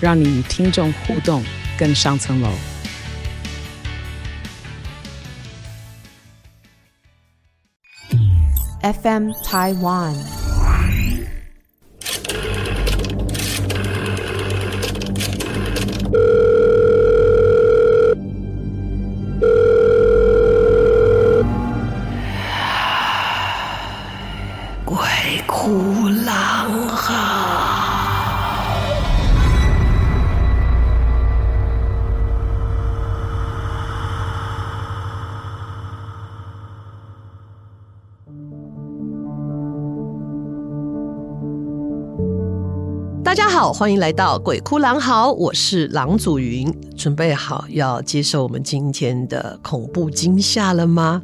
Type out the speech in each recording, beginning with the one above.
讓你與聽眾互動更上層樓。FM Taiwan。好，歡迎來到鬼哭狼嚎，我是郎祖筠，準備好要接受我們今天的恐怖驚嚇了嗎？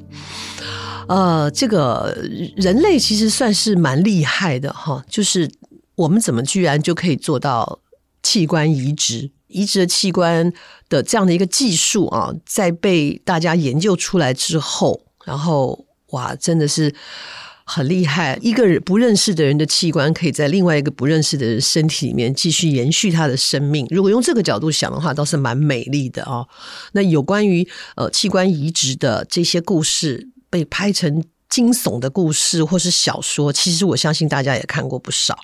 呃，這個人類其實算是蠻厲害的哈，就是我們怎麼居然就可以做到器官移植？移植的器官的這樣的一個技術啊，在被大家研究出來之後，然後哇，真的是。很厲害，一個不認識的人的器官可以在另外一個不認識的人身體裡面繼續延續他的生命。如果用這個角度想的話，倒是蠻美麗的哦。那有關於呃器官移植的這些故事被拍成驚悚的故事或是小說，其實我相信大家也看過不少。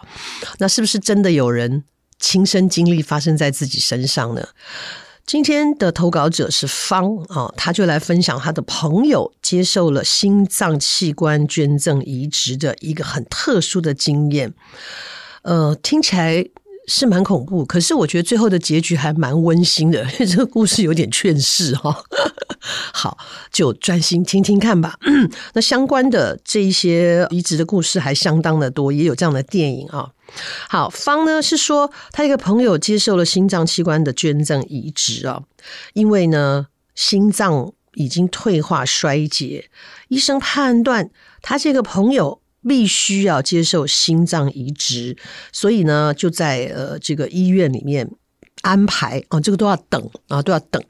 那是不是真的有人親身經歷發生在自己身上呢？今天的投稿者是芳啊，哦，他就來分享他的朋友接受了心臟器官捐贈移植的一個很特殊的經驗，呃，聽起來。是蠻恐怖，可是我覺得最後的結局還蠻溫馨的，因為這個故事有點勸世哈、哦。 好，就專心聽聽看吧。 那相關的這一些移植的故事還相當的多，也有這樣的電影啊、哦。好，芳呢是說他一個朋友接受了心臟器官的捐贈移植啊、哦，因為呢心臟已經退化衰竭，醫生判斷他這個朋友。必須要接受心臟移植，所以呢，就在呃這個醫院裡面安排啊、哦，這個都要等啊，都要等。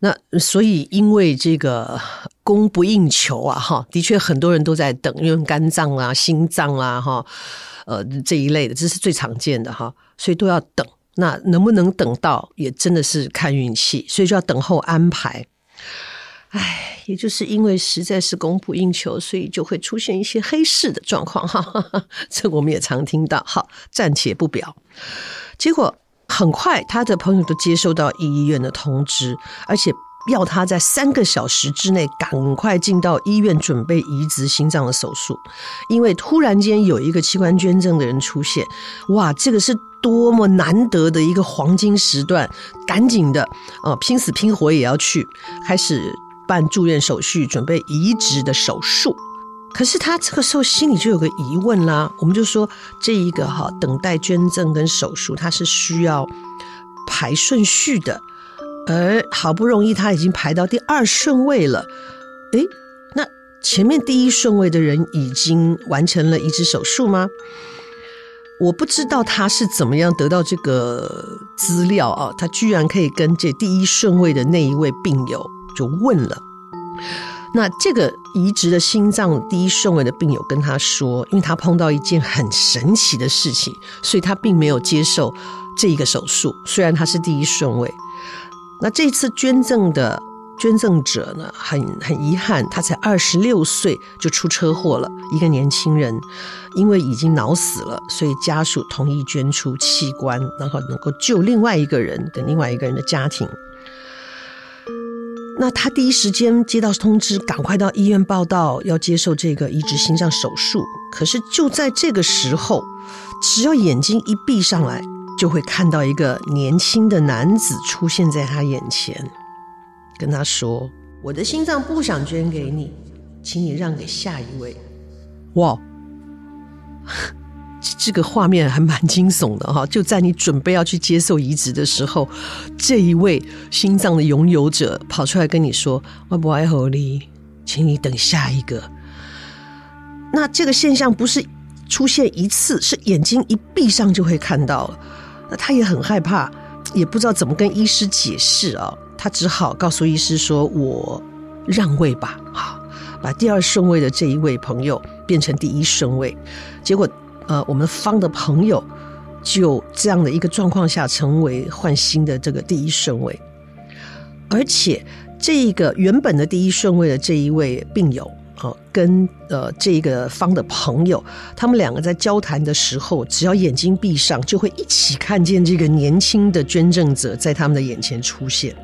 那所以因為這個供不應求啊，哈，的確很多人都在等，因為肝臟啊、心臟啊，哈、呃，呃這一類的，這是最常見的哈，所以都要等。那能不能等到，也真的是看運氣，所以就要等候安排。哎。也就是因為實在是供不應求，所以就會出現一些黑市的狀況哈，哈哈，這我們也常聽到。好，暫且不表。結果很快，他的朋友都接收到醫院的通知，而且要他在三個小時之內趕快進到醫院準備移植心臟的手術，因為突然間有一個器官捐贈的人出現，哇，這個是多麼難得的一個黃金時段，趕緊的，呃，拼死拼活也要去開始。辦住院手續，準備移植的手術。可是他這個時候心裡就有個疑問啦。我們就說這一個哈，等待捐贈跟手術，它是需要排順序的。而好不容易他已經排到第二順位了，誒，那前面第一順位的人已經完成了移植手術嗎？我不知道他是怎麼樣得到這個資料啊。他居然可以跟這第一順位的那一位病友。就問了，那這個移植的心臟第一順位的病友跟他說，因為他碰到一件很神奇的事情，所以他並沒有接受這一個手術，雖然他是第一順位。那這次捐贈的捐贈者呢，很很遺憾，他才二十六歲就出車禍了，一個年輕人，因為已經腦死了，所以家屬同意捐出器官，然後能夠救另外一個人跟另外一個人的家庭。那他第一時間接到通知，趕快到醫院報到，要接受這個移植心臟手術。可是就在這個時候，只要眼睛一閉上來，就會看到一個年輕的男子出現在他眼前，跟他說：“我的心臟不想捐給你，請你讓給下一位。”哇！這個畫面還蠻驚悚的哈，就在你準備要去接受移植的時候，這一位心臟的擁有者跑出來跟你說：“我不愛好你，請你等下一個。”那這個現象不是出現一次，是眼睛一閉上就會看到了。他也很害怕，也不知道怎麼跟醫師解釋啊、哦，他只好告訴醫師說：“我讓位吧，好，把第二順位的這一位朋友變成第一順位。”結果。呃，我們芳的朋友就這樣的一個狀況下，成為換心的這個第一順位。而且，這一個原本的第一順位的這一位病友，哦，跟呃這一個芳的朋友，他們兩個在交談的時候，只要眼睛閉上，就會一起看見這個年輕的捐贈者在他們的眼前出現。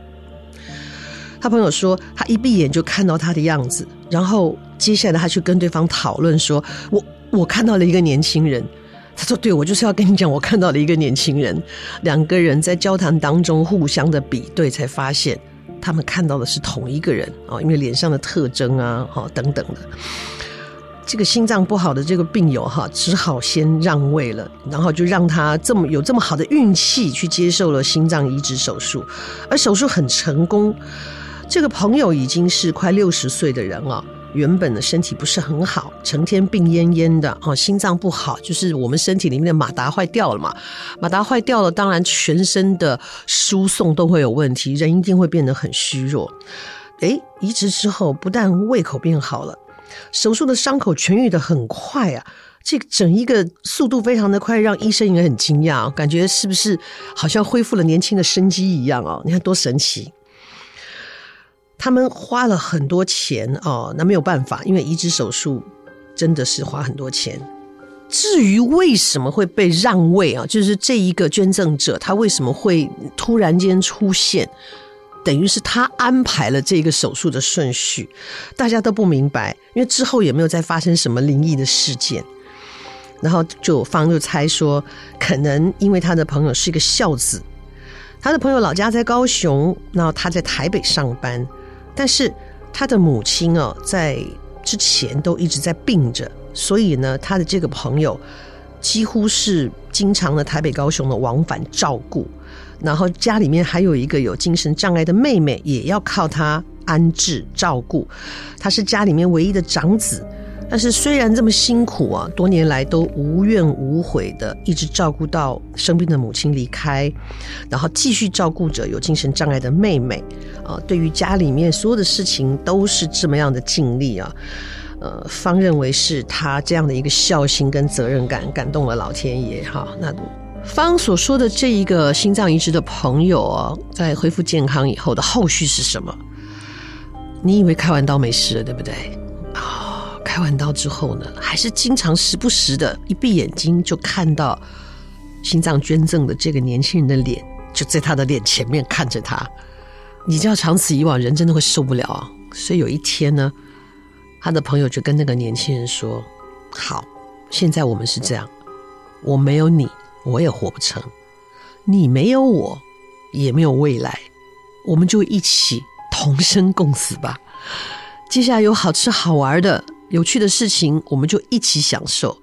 他朋友說，他一閉眼就看到他的樣子，然後接下來他去跟對方討論說，我。我看到了一個年輕人，他說：“對，我就是要跟你講，我看到了一個年輕人，兩個人在交談當中互相的比對，才發現他們看到的是同一個人啊，因為臉上的特徵啊，哦等等的。”這個心臟不好的這個病友哈，只好先讓位了，然後就讓他這麼有這麼好的運氣去接受了心臟移植手術，而手術很成功。這個朋友已經是快六十歲的人了。原本的身體不是很好，成天病懨懨的哦，心臟不好，就是我們身體裡面的馬達壞掉了嘛。馬達壞掉了，當然全身的輸送都會有問題，人一定會變得很虛弱。誒，移植之後不但胃口變好了，手術的傷口痊癒的很快啊，這整一個速度非常的快，讓醫生也很驚訝哦，感覺是不是好像恢復了年輕的生機一樣哦？你看多神奇！他們花了很多錢哦，那沒有辦法，因為移植手術真的是花很多錢。至於為什麼會被讓位啊、哦，就是這一個捐贈者他為什麼會突然間出現，等於是他安排了這個手術的順序，大家都不明白，因為之後也沒有再發生什麼靈異的事件。然後就方就猜說，可能因為他的朋友是一個孝子，他的朋友老家在高雄，然後他在台北上班。但是他的母親哦，在之前都一直在病着，所以呢，他的這個朋友幾乎是經常的台北、高雄的往返照顧。然後家裡面還有一個有精神障礙的妹妹，也要靠他安置照顧。他是家裡面唯一的長子。但是雖然這麼辛苦啊，多年來都無怨無悔的一直照顧到生病的母親離開，然後繼續照顧着有精神障礙的妹妹啊，呃，對於家裡面所有的事情，都是這麼樣的盡力啊。呃，方認為是他這樣的一個孝心跟責任感感動了老天爺哈。哦，那方所說的這一個心臟移植的朋友啊，在恢復健康以後的後續是什麼？你以為開完刀沒事了，對不對？開完刀之後呢，還是經常時不時的，一閉眼睛就看到心臟捐贈的這個年輕人的臉，就在他的臉前面看着他。你知道，長此以往，人真的會受不了啊！所以有一天呢，他的朋友就跟那個年輕人說：“好，現在我們是這樣，我沒有你，我也活不成；你沒有我，也沒有未來。我們就一起同生共死吧。接下來有好吃好玩的。”有趣的事情，我們就一起享受。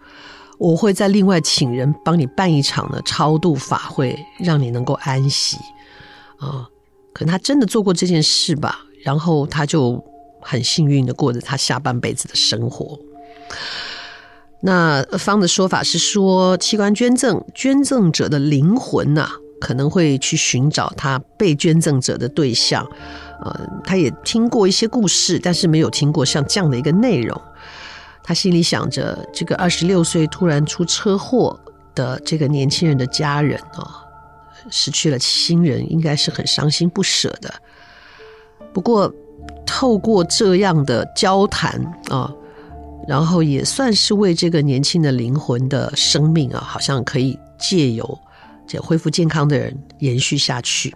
我會再另外請人幫你辦一場的超度法會，讓你能夠安息啊、嗯。可能他真的做過這件事吧，然後他就很幸運的過着他下半輩子的生活。那方的說法是說，器官捐贈捐贈者的靈魂吶、啊，可能會去尋找他被捐贈者的對象。呃、嗯，他也聽過一些故事，但是沒有聽過像這樣的一個內容。他心裡想着，這個二十六歲突然出車禍的這個年輕人的家人哦，失去了親人，應該是很傷心不舍的。不過，透過這樣的交談啊，哦，然後也算是為這個年輕的靈魂的生命啊，好像可以借由這恢復健康的人延續下去。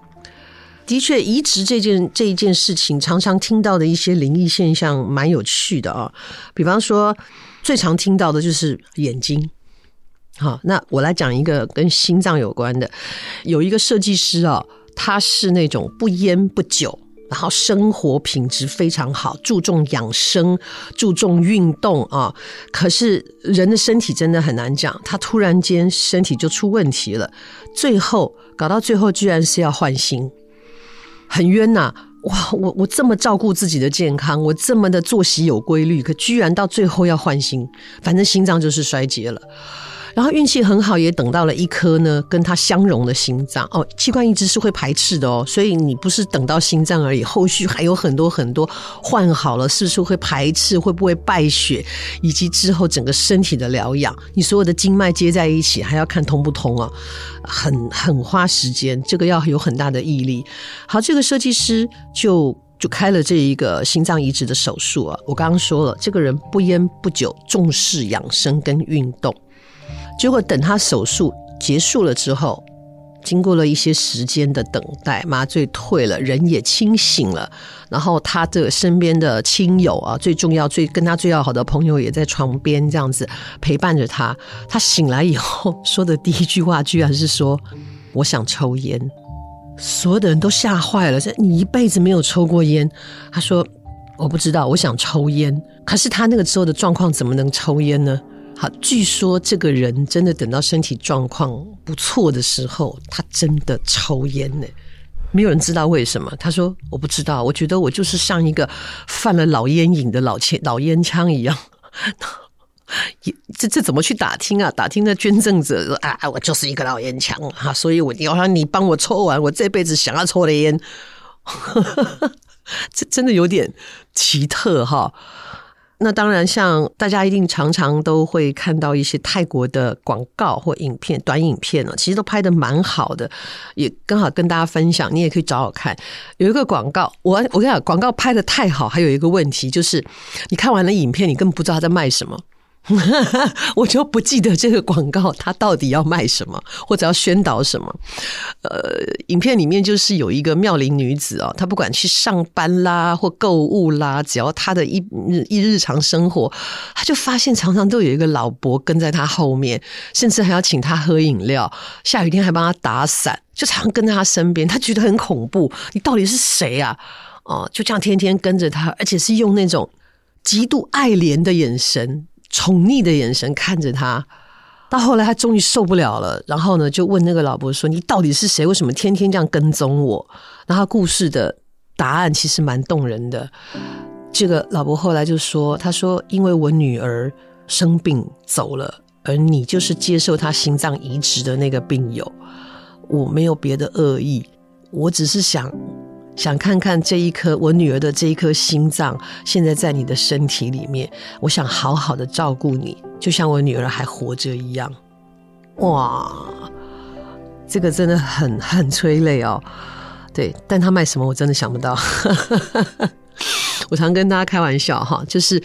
的確，移植這件這一件事情，常常聽到的一些靈異現象，蠻有趣的啊、哦。比方說，最常聽到的就是眼睛。好，那我來講一個跟心臟有關的。有一個設計師啊、哦，他是那種不煙不酒，然後生活品質非常好，注重養生，注重運動啊、哦。可是人的身體真的很難講，他突然間身體就出問題了，最後搞到最後，居然是要換心。很冤吶！哇，我我這麼照顧自己的健康，我這麼的作息有規律，可居然到最後要換心，反正心臟就是衰竭了。然後運氣很好，也等到了一顆呢，跟他相融的心臟哦。器官移植是會排斥的哦，所以你不是等到心臟而已，後續還有很多很多換，好了是不是會排斥？會不會敗血？以及之後整個身體的療養，你所有的經脈接在一起，還要看通不通啊？很很花時間，這個要有很大的毅力。好，這個設計師就就開了這一個心臟移植的手術啊。我剛剛說了，這個人不菸不酒，重視養生跟運動。結果等他手術結束了之後，經過了一些時間的等待，麻醉退了，人也清醒了。然後他的身邊的親友啊，最重要最跟他最要好的朋友也在床邊這樣子陪伴着他。他醒來以後說的第一句話，居然是說：“我想抽煙。”所有的人都嚇壞了，說：“你一輩子沒有抽過煙。”他說：“我不知道，我想抽煙。”可是他那個時候的狀況，怎麼能抽煙呢？好，據說這個人真的等到身體狀況不錯的時候，他真的抽煙呢。沒有人知道為什麼。他說：“我不知道，我覺得我就是像一個犯了老煙癮的老煙老煙槍一樣。 也”也這這怎麼去打聽啊？打聽的捐贈者說：“啊、哎，我就是一個老煙槍啊，所以我要要你幫我抽完我這輩子想要抽的煙。 ”這真的有點奇特哈。那當然，像大家一定常常都會看到一些泰國的廣告或影片、短影片了，其實都拍得蠻好的，也剛好跟大家分享。你也可以找我看。有一個廣告，我我跟你講，廣告拍得太好，還有一個問題就是，你看完了影片，你根本不知道他在賣什麼。哈哈，我就不記得這個廣告它到底要賣什麼或者要宣導什麼。呃，影片裡面就是有一個妙齡女子哦，她不管去上班啦或購物啦，只要她的一日一日常生活，她就發現常常都有一個老伯跟在她後面，甚至還要請她喝飲料，下雨天還幫她打傘，就常跟在她身邊。她覺得很恐怖，你到底是誰啊？哦，就這樣天天跟着她，而且是用那種極度愛憐的眼神。寵溺的眼神看着他，到後來他終於受不了了，然後呢就問那個老伯說：“你到底是誰？為什麼天天這樣跟蹤我？”然後故事的答案其實蠻動人的。這個老伯後來就說：“他說因為我女兒生病走了，而你就是接受她心臟移植的那個病友，我沒有別的惡意，我只是想。”想看看這一顆我女兒的這一顆心臟，現在在你的身體裡面。我想好好的照顧你，就像我女兒還活着一樣。哇，這個真的很很催淚哦。對，但她賣什麼我真的想不到。 我常跟大家開玩笑哈，就是。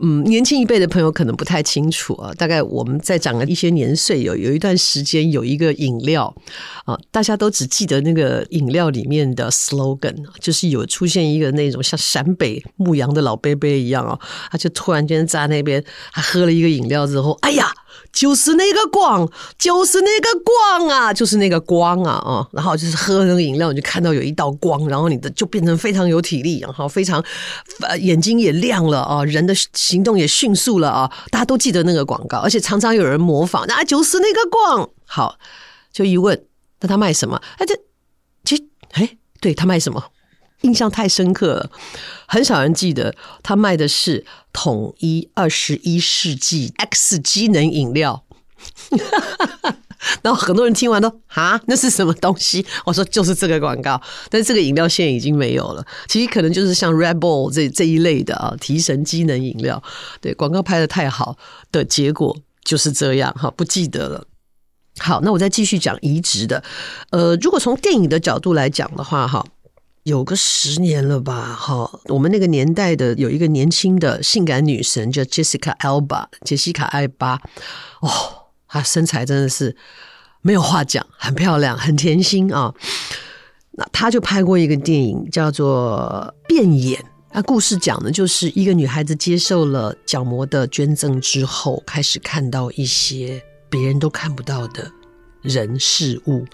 嗯，年輕一輩的朋友可能不太清楚啊，大概我們在長了一些年歲、哦，有有一段時間有一個飲料啊，大家都只記得那個飲料裡面的 slogan，就是有出現一個那種像陝北牧羊的老伯伯一樣啊、哦，他就突然間在那邊他喝了一個飲料之後，哎呀。就是那個光，就是那個光啊，就是那個光啊，哦，然後就是喝那個飲料，你就看到有一道光，然後你的就變成非常有體力，然後非常呃眼睛也亮了啊、哦，人的行動也迅速了啊、哦，大家都記得那個廣告，而且常常有人模仿。那、啊、就是那個光，好，就一問，那他賣什麼？哎，這，這哎，對，他賣什麼？印象太深刻了，很少人記得他賣的是統一二十一世紀 X 機能飲料， 然後很多人聽完都哈，那是什麼東西？我說就是這個廣告，但這個飲料現在已經沒有了。其實可能就是像 Red Bull 這這一類的啊，提神機能飲料。對，廣告拍得太好，的結果就是這樣哈，不記得了。好，那我再繼續講移植的。呃，如果從電影的角度來講的話，哈。有個十年了吧，哈，我們那個年代的有一個年輕的性感女神叫 Jessica Alba，傑西卡·艾巴，哦，她身材真的是沒有話講，很漂亮，很甜心啊、哦。那她就拍過一個電影叫做《變眼》，那故事講的就是一個女孩子接受了角膜的捐贈之後，開始看到一些別人都看不到的人事物。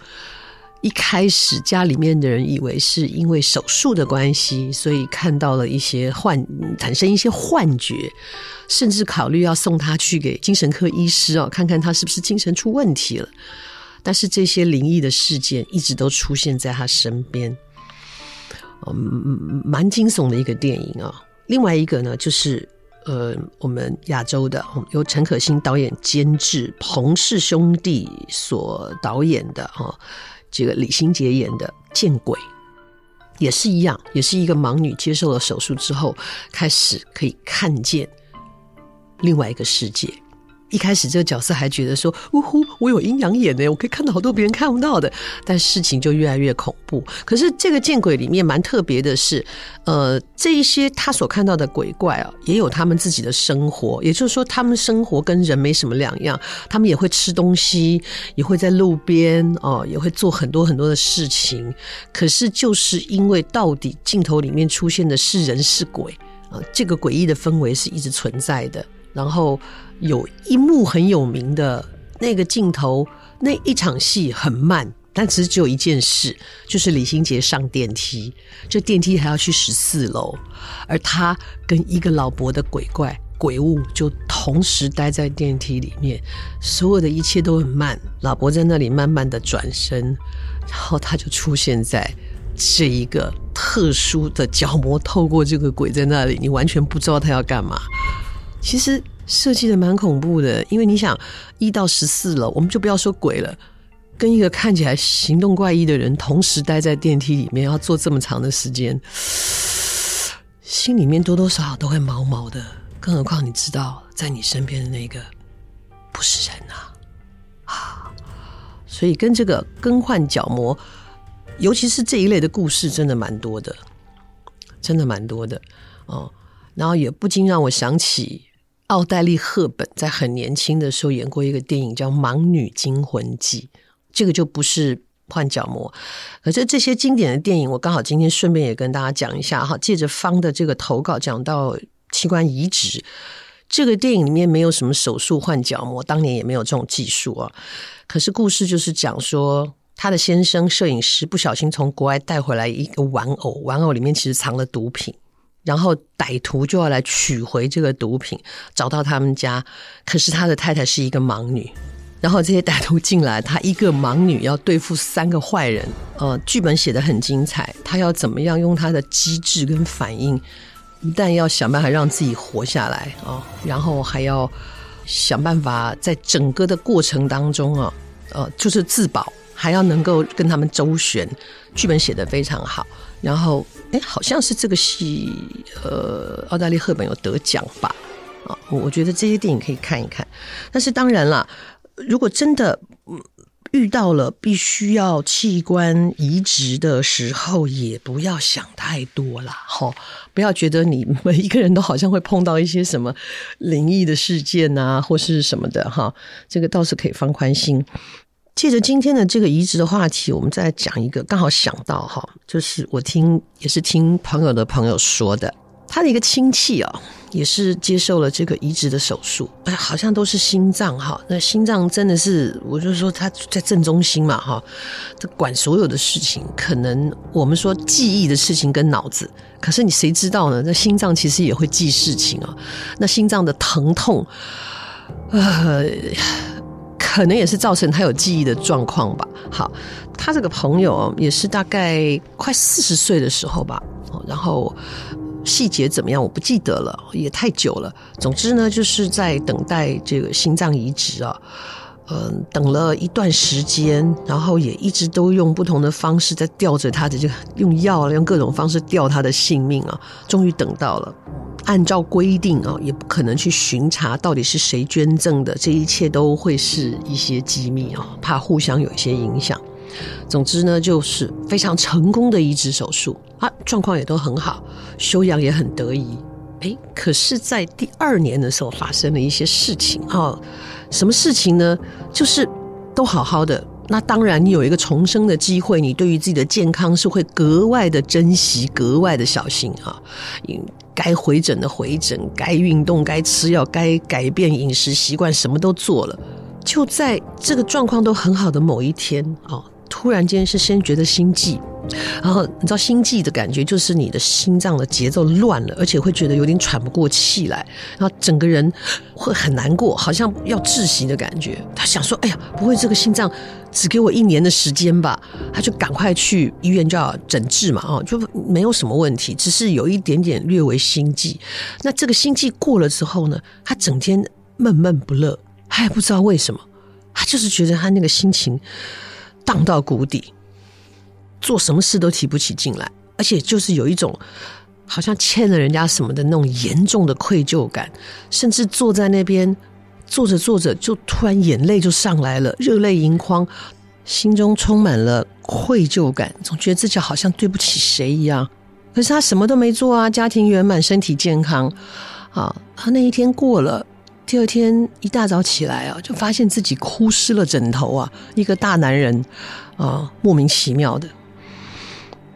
一開始家裡面的人以為是因為手術的關係，所以看到了一些幻，產生一些幻覺，甚至考慮要送他去給精神科醫師哦，看看他是不是精神出問題了。但是這些靈異的事件一直都出現在他身邊，嗯，蠻驚悚的一個電影啊、哦。另外一個呢，就是呃，我們亞洲的由陳可辛導演監制，彭氏兄弟所導演的啊、哦。這個李心潔演的《見鬼》也是一樣，也是一個盲女接受了手術之後，開始可以看見另外一個世界。一開始這個角色還覺得說：“嗚呼，我有陰陽眼呢，我可以看到好多別人看不到的。”但事情就越來越恐怖。可是這個見鬼裡面蠻特別的是，呃，這一些他所看到的鬼怪啊，也有他們自己的生活，也就是說，他們生活跟人沒什麼兩樣，他們也會吃東西，也會在路邊哦、呃，也會做很多很多的事情。可是就是因為到底鏡頭裡面出現的是人是鬼啊、呃，這個詭異的氛圍是一直存在的。然後有一幕很有名的，那個鏡頭那一場戲很慢，但其實只有一件事，就是李心潔上電梯，這電梯還要去十四樓，而他跟一個老伯的鬼怪鬼物就同時待在電梯裡面，所有的一切都很慢，老伯在那裡慢慢的轉身，然後他就出現在這一個特殊的角膜，透過這個鬼在那裡，你完全不知道他要幹嘛。其實設計的蠻恐怖的，因為你想一到十四樓，我們就不要說鬼了，跟一個看起來行動怪異的人同時待在電梯裡面，要坐這麼長的時間，心裡面多多少少都會毛毛的。更何況你知道，在你身邊的那個不是人啊。啊！所以跟這個更換角膜，尤其是這一類的故事，真的蠻多的，真的蠻多的，哦。然後也不禁讓我想起。奧黛麗·赫本在很年輕的時候演過一個電影叫《盲女驚魂記》，這個就不是換角膜。可是這些經典的電影，我剛好今天順便也跟大家講一下哈，借着方的這個投稿講到器官移植。嗯、這個電影裡面沒有什麼手術換角膜，當年也沒有這種技術啊。可是故事就是講說，他的先生攝影師不小心從國外帶回來一個玩偶，玩偶裡面其實藏了毒品。然後歹徒就要來取回這個毒品，找到他們家。可是他的太太是一個盲女，然後這些歹徒進來，他一個盲女要對付三個壞人。呃，劇本寫得很精彩，他要怎麼樣用他的機智跟反應，不但要想辦法讓自己活下來啊、哦，然後還要想辦法在整個的過程當中啊，呃，就是自保，還要能夠跟他們周旋。劇本寫得非常好，然後。誒好像是這個戲，呃，奧黛麗赫本有得獎吧？啊、哦，我覺得這些電影可以看一看。但是當然了，如果真的遇到了必須要器官移植的時候，也不要想太多了，哦，不要覺得你每一個人都好像會碰到一些什麼靈異的事件啊，或是什麼的，哈，哦，這個倒是可以放寬心。借着今天的這個移植的話題，我們再講一個，剛好想到哈，就是我聽也是聽朋友的朋友說的，他的一個親戚啊，也是接受了這個移植的手術，哎，好像都是心臟哈。那心臟真的是，我就說他在正中心嘛哈，他管所有的事情，可能我們說記憶的事情跟腦子，可是你誰知道呢？那心臟其實也會記事情啊，那心臟的疼痛，呃可能也是造成他有記憶的狀況吧。好，他這個朋友也是大概快四十歲的時候吧，然後細節怎麼樣我不記得了，也太久了。總之呢，就是在等待這個心臟移植啊。嗯，等了一段時間，然後也一直都用不同的方式在吊着他的，就用藥啊，用各種方式吊他的性命啊。終於等到了，按照規定啊，也不可能去巡查到底是誰捐贈的，這一切都會是一些機密啊，怕互相有一些影響。總之呢，就是非常成功的移植手術啊，狀況也都很好，休養也很得宜。欸，可是，在第二年的時候發生了一些事情啊。什麼事情呢？就是都好好的，那當然你有一個重生的機會，你對於自己的健康是會格外的珍惜、格外的小心啊。應該回診的回診，該運動、該吃藥、該改變飲食習慣，什麼都做了。就在這個狀況都很好的某一天啊，突然間是先覺得心悸。然後你知道心悸的感覺，就是你的心臟的節奏亂了，而且會覺得有點喘不過氣來，然後整個人會很難過，好像要窒息的感覺。他想說：“哎呀，不會這個心臟只給我一年的時間吧？”他就趕快去醫院就要診治嘛，哦，就沒有什麼問題，只是有一點點略微心悸。那這個心悸過了之後呢，他整天悶悶不樂，他還不知道為什麼，他就是覺得他那個心情盪到谷底。做什麼事都提不起勁來，而且就是有一種好像欠了人家什麼的那種嚴重的愧疚感，甚至坐在那邊坐着坐着就突然眼淚就上來了，熱淚盈眶，心中充滿了愧疚感，總覺得自己好像對不起誰一樣。可是他什麼都沒做啊，家庭圓滿，身體健康，啊，他那一天過了，第二天一大早起來啊，就發現自己哭濕了枕頭啊，一個大男人啊，莫名其妙的。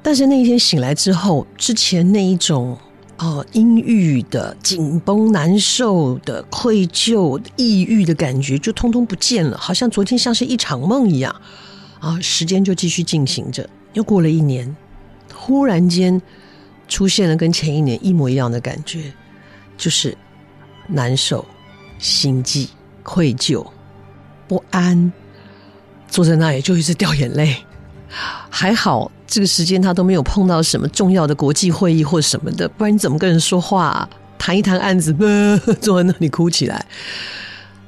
但是那一天醒來之後，之前那一種呃陰鬱的、緊繃、難受的、愧疚、抑鬱的感覺就通通不見了，好像昨天像是一場夢一樣啊！時間就繼續進行着，又過了一年，忽然間出現了跟前一年一模一樣的感覺，就是難受、心悸、愧疚、不安，坐在那裡就一直掉眼淚。還好，這個時間他都沒有碰到什麼重要的國際會議或什麼的，不然你怎麼跟人說話、啊、談一談案子、呃、坐在那裡哭起來，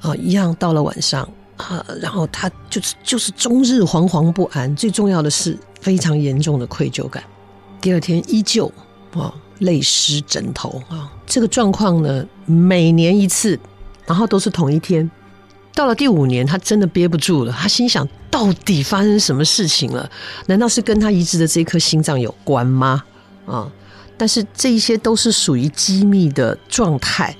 啊、哦，一樣到了晚上啊，然後他就是就是終日惶惶不安。最重要的是非常嚴重的愧疚感。第二天依舊啊、哦，淚濕枕頭啊、哦，這個狀況呢，每年一次，然後都是同一天。到了第五年，他真的憋不住了。他心想：到底發生什麼事情了？難道是跟他移植的這顆心臟有關嗎？啊、嗯！但是這一些都是屬於機密的狀態。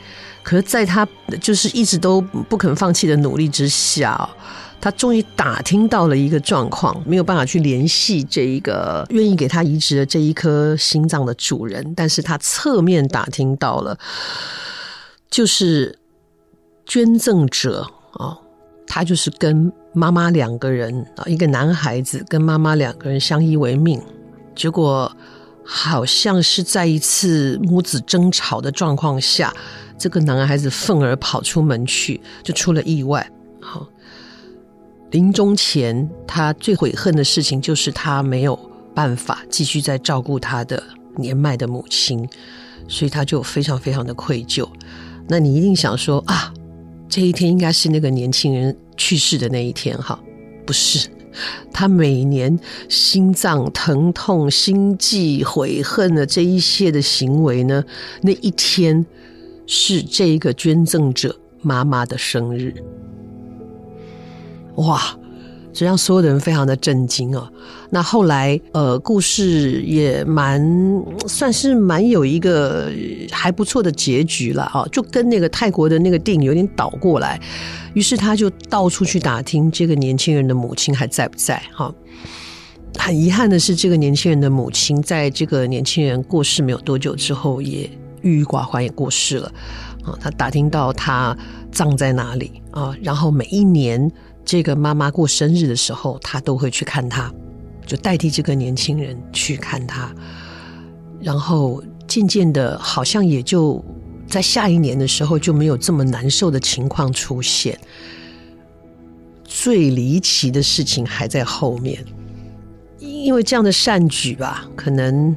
可是，在他就是一直都不肯放棄的努力之下，他終於打聽到了一個狀況，沒有辦法去聯繫這一個願意給他移植的這一顆心臟的主人，但是他側面打聽到了，就是捐贈者。哦，他就是跟媽媽兩個人啊，一個男孩子跟媽媽兩個人相依為命。結果好像是在一次母子爭吵的狀況下，這個男孩子憤而跑出門去，就出了意外。好、哦，臨終前他最悔恨的事情就是他沒有辦法繼續再照顧他的年邁的母親，所以他就非常非常的愧疚。那你一定想說啊？這一天應該是那個年輕人去世的那一天，哈，不是，他每年心臟疼痛、心悸、悔恨的這一些的行為呢，那一天是這個捐贈者媽媽的生日，哇！這讓所有的人非常的震驚啊、哦！那後來，呃，故事也蠻算是蠻有一個還不錯的結局了啊，就跟那個泰國的那個電影有點倒過來。於是他就到處去打聽這個年輕人的母親還在不在。哈、啊，很遺憾的是，這個年輕人的母親在這個年輕人過世沒有多久之後，也鬱鬱寡歡也過世了啊。他打聽到她葬在哪裡啊，然後每一年。這個媽媽過生日的時候，她都會去看他，就代替這個年輕人去看他，然後漸漸的，好像也就在下一年的時候，就沒有這麼難受的情況出現。最離奇的事情還在後面，因為這樣的善舉吧，可能。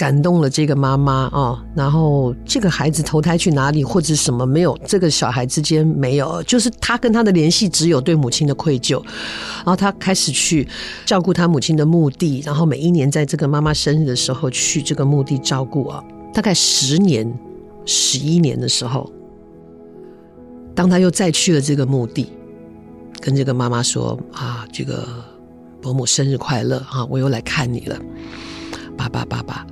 感動了這個媽媽啊，然後這個孩子投胎去哪裡或者什麼沒有？這個小孩之間沒有，就是他跟他的聯繫只有對母親的愧疚。然後他開始去照顧他母親的墓地，然後每一年在這個媽媽生日的時候去這個墓地照顧啊。大概十年、十一年的時候，當他又再去了這個墓地，跟這個媽媽說：“啊，這個伯母生日快樂啊，我又來看你了。”爸，爸爸，爸爸。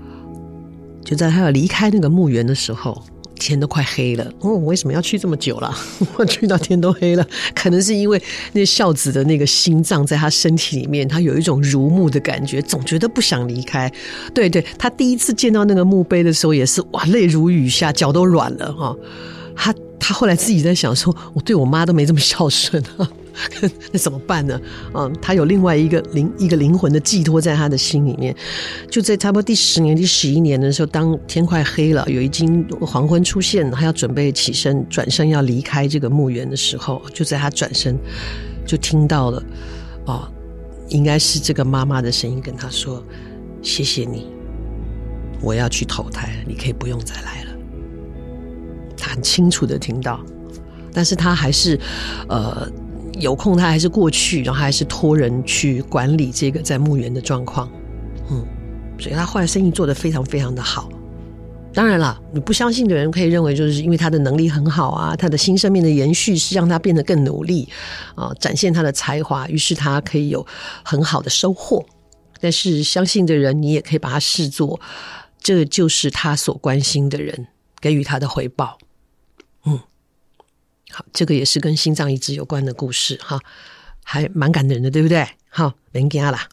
就在他要離開那個墓園的時候，天都快黑了。哦，為什麼要去這麼久了？我 去到天都黑了，可能是因為那孝子的那個心臟在他身體裡面，他有一種孺慕的感覺，總覺得不想離開。對對，他第一次見到那個墓碑的時候，也是哇，淚如雨下，腳都軟了哈。他他後來自己在想說，我對我媽都沒這麼孝順啊那 怎麼辦呢？嗯、哦，他有另外一個靈，一個靈魂的寄托在他的心裡面。就在差不多第十年、第十一年的時候，當天快黑了，又已經黃昏出現，他要準備起身，轉身要離開這個墓園的時候，就在他轉身，就聽到了哦，應該是這個媽媽的聲音跟他說：“謝謝你，我要去投胎了，你可以不用再來了。”他很清楚的聽到，但是他還是，呃。有空他還是過去，然後還是托人去管理這個在墓園的狀況。嗯，所以他後來生意做得非常非常的好。當然了，你不相信的人可以認為，就是因為他的能力很好啊，他的新生命的延續是讓他變得更努力啊、呃，展現他的才華，於是他可以有很好的收穫。但是相信的人，你也可以把他視作，這就是他所關心的人給予他的回報。好，這個也是跟心臟移植有關的故事，哈，還蠻感人的，對不對？好，人家啦，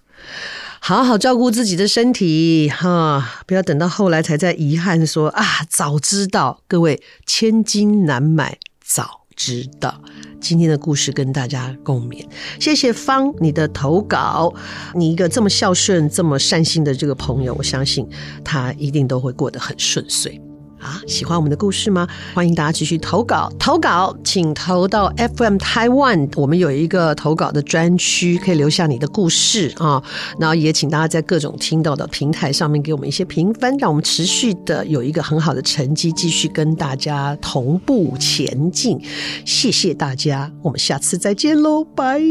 好好照顧自己的身體，哈，不要等到後來才在遺憾說啊，早知道，各位千金難買早知道。今天的故事跟大家共勉，謝謝方你的投稿，你一個這麼孝順、這麼善心的這個朋友，我相信他一定都會過得很順遂。啊，喜歡我們的故事嗎？歡迎大家繼續投稿，投稿請投到 FM Taiwan，我們有一個投稿的專區，可以留下你的故事啊。然後也請大家在各種聽到的平台上面給我們一些評分，讓我們持續的有一個很好的成績，繼續跟大家同步前進。謝謝大家，我們下次再見嘍，拜。